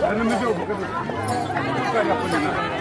나는 늦어. 그러니까 약혼이나.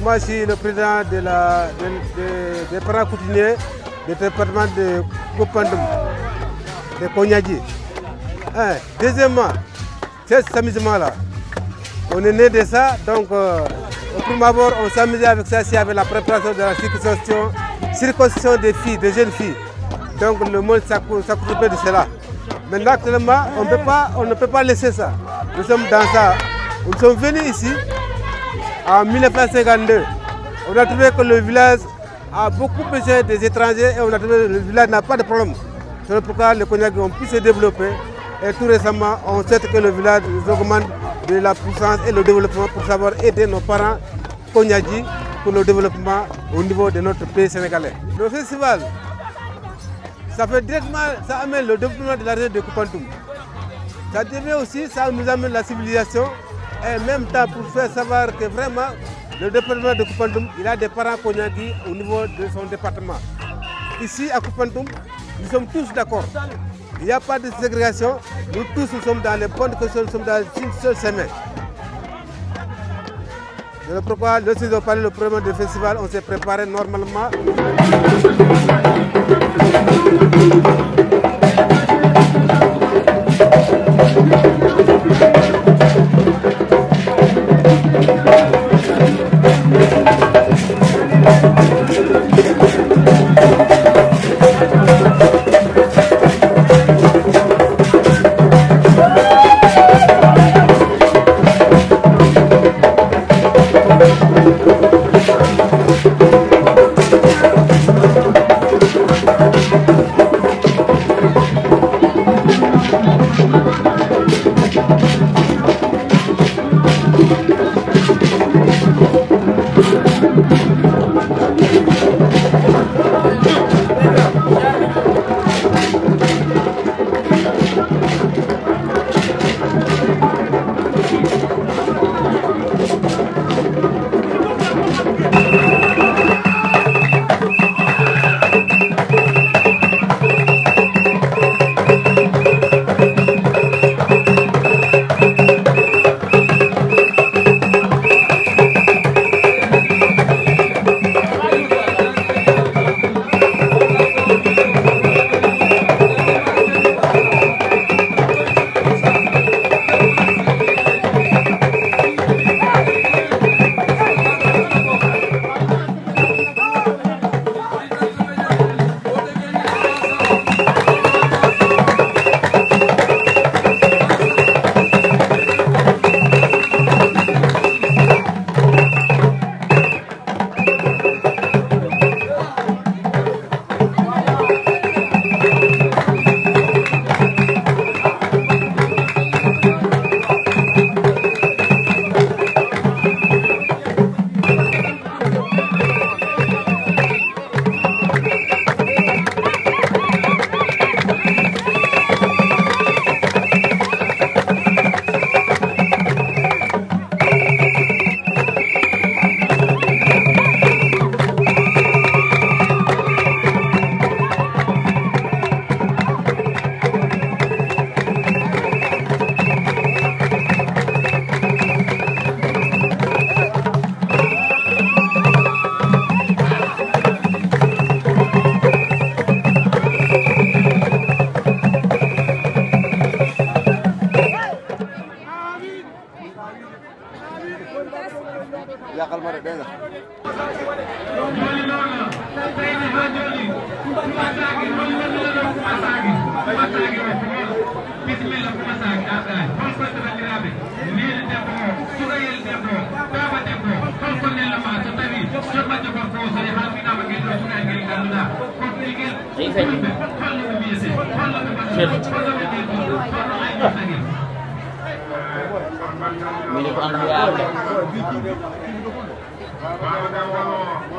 Moi, je suis le président de la, de, de, des parents coutumiers du département de Kopandum, de Kognadji. Hein, deuxièmement, cet amusement-là, on est né de ça, donc au premier abord, on s'amusait avec ça, c'est avec la préparation de la circonscription, des filles, des jeunes filles. Donc le monde s'accroupit de cela. Maintenant, actuellement, on, peut on ne peut pas laisser ça. Nous sommes dans ça. Nous sommes venus ici en 1952. On a trouvé que le village a beaucoup besoin des étrangers et on a trouvé que le village n'a pas de problème. C'est pourquoi les cognacs ont pu se développer. Et tout récemment, on sait que le village augmente de la puissance et le développement pour savoir aider nos parents Konyadji pour le développement au niveau de notre pays sénégalais. Le festival, ça fait directement, ça amène le développement de la région de Koupantoum. Ça aussi, ça nous amène la civilisation et même temps pour faire savoir que vraiment le département de Koupantoum, il a des parents Konyadji au niveau de son département. Ici à Kupantoum, nous sommes tous d'accord. Il n'y a pas de ségrégation. Nous tous, nous sommes dans les bonnes conditions, nous sommes dans une seule semaine. Je le propose, le 6 parler le premier du festival, on s'est préparé normalement.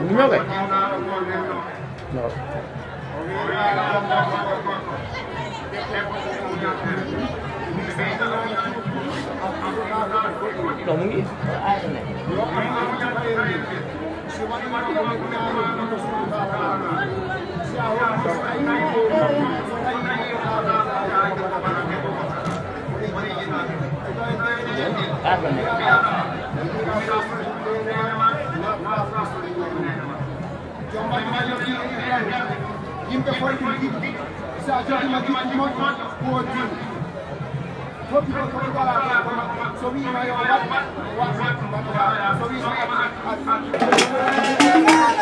Nhớ vậy. Rồi. Kamu ni? Apa ni? yimɓe foyɓe jiɗɗi sa jogi majjuji moƴƴo woodi toɓi ko koɗo gara kono so wiima yo wat wat mbaɗa so wiima a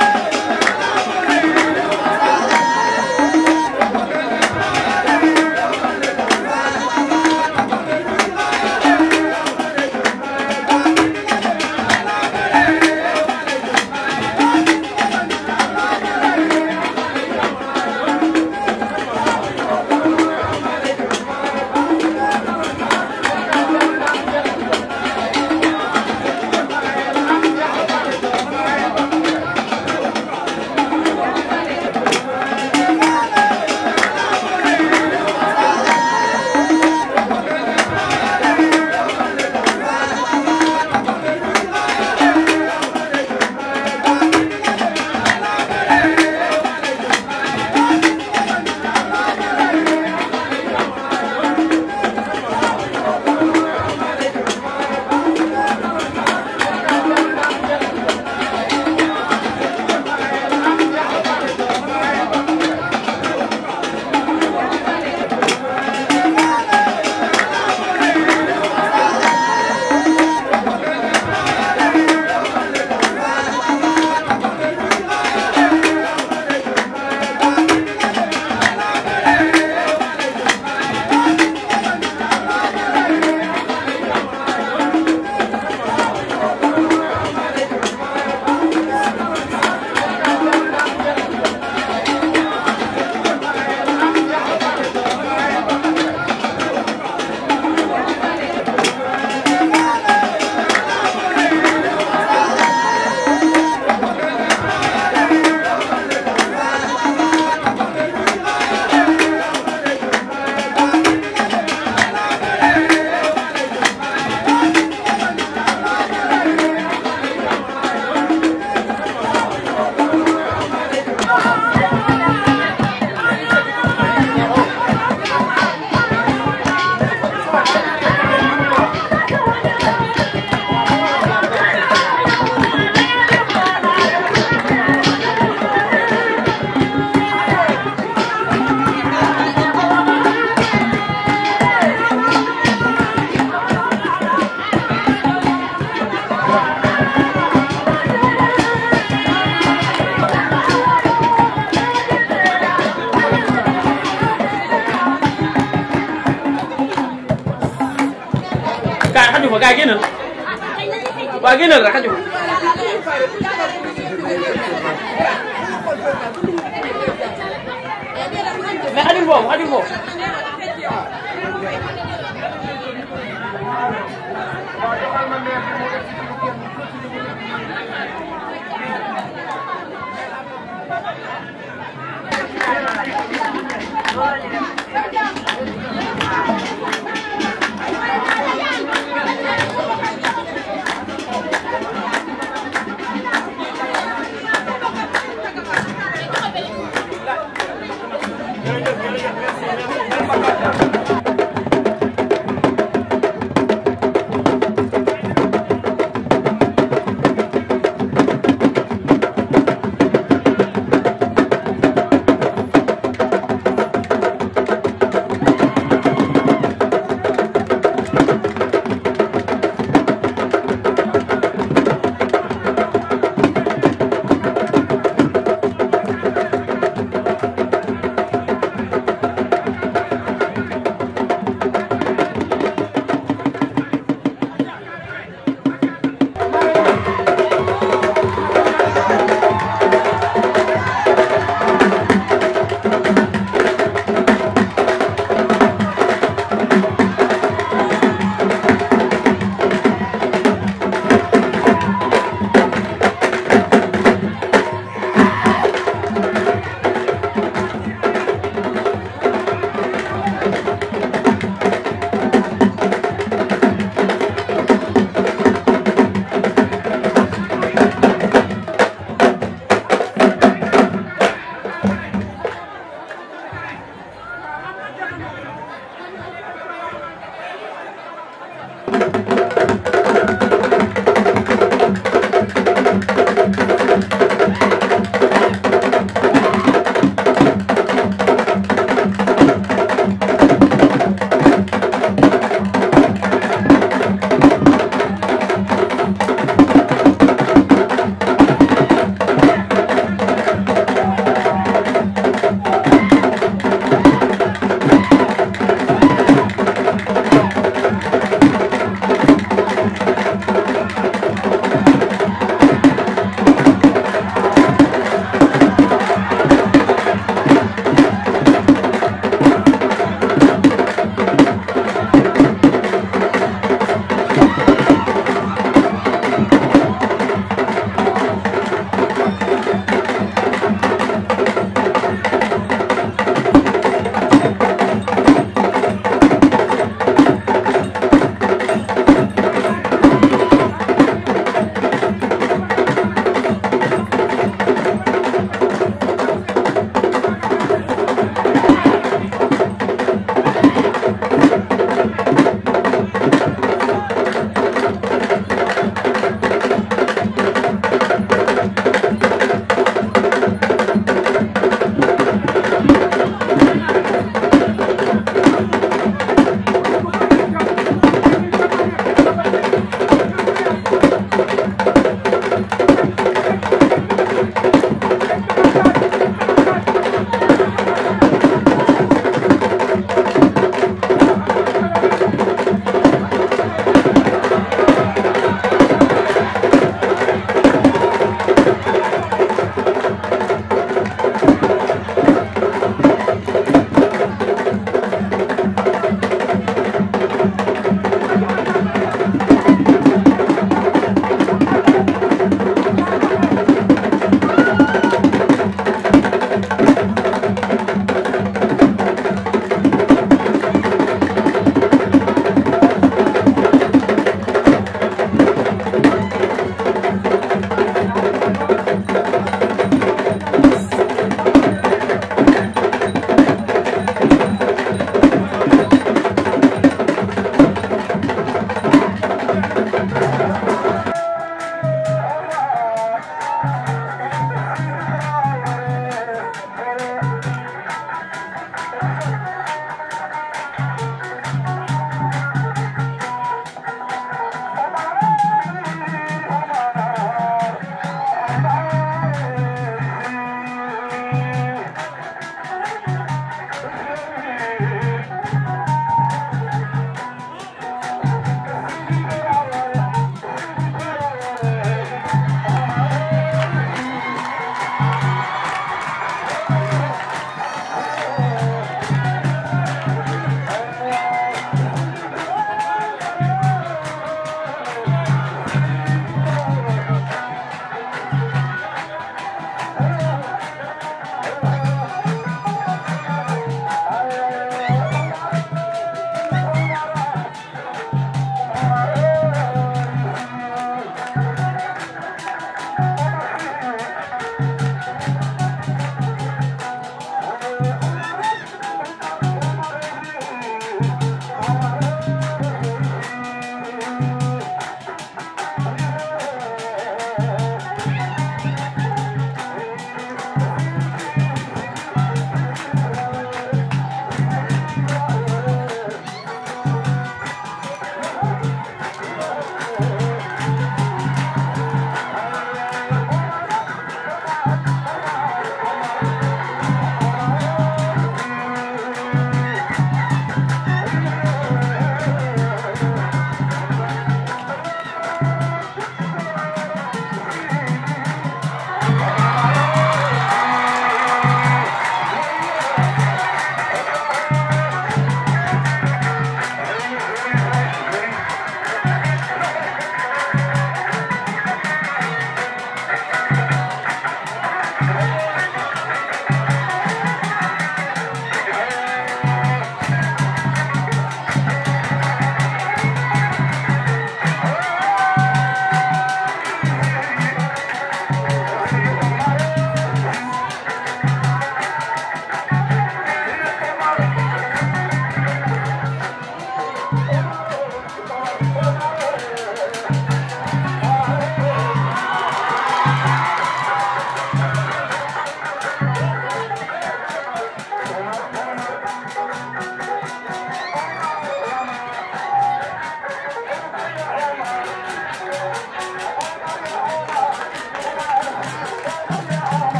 باقينا الحجم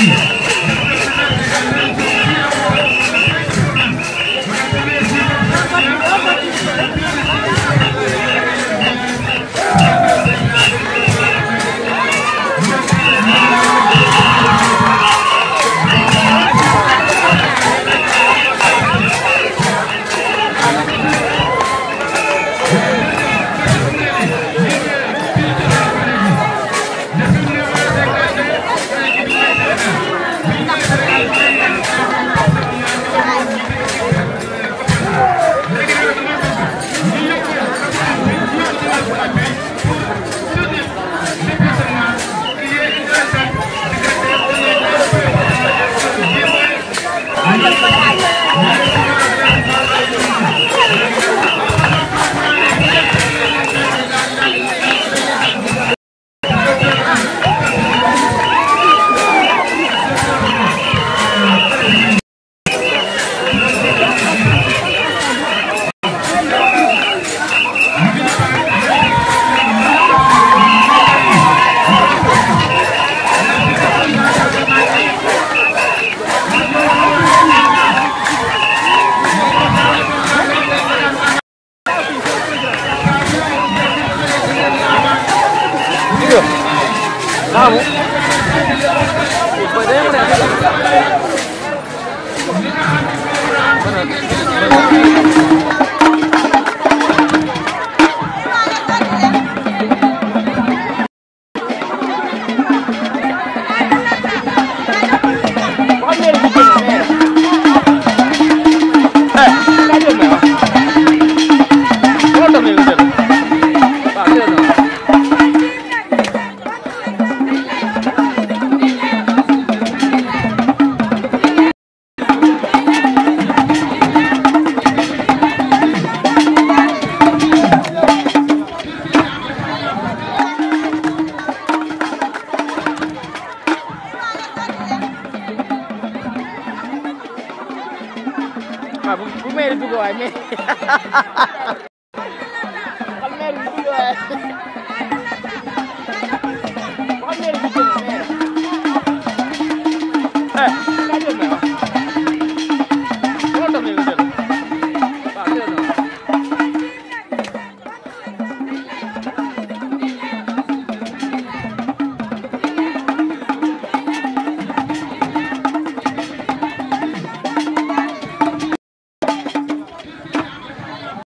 Thank you.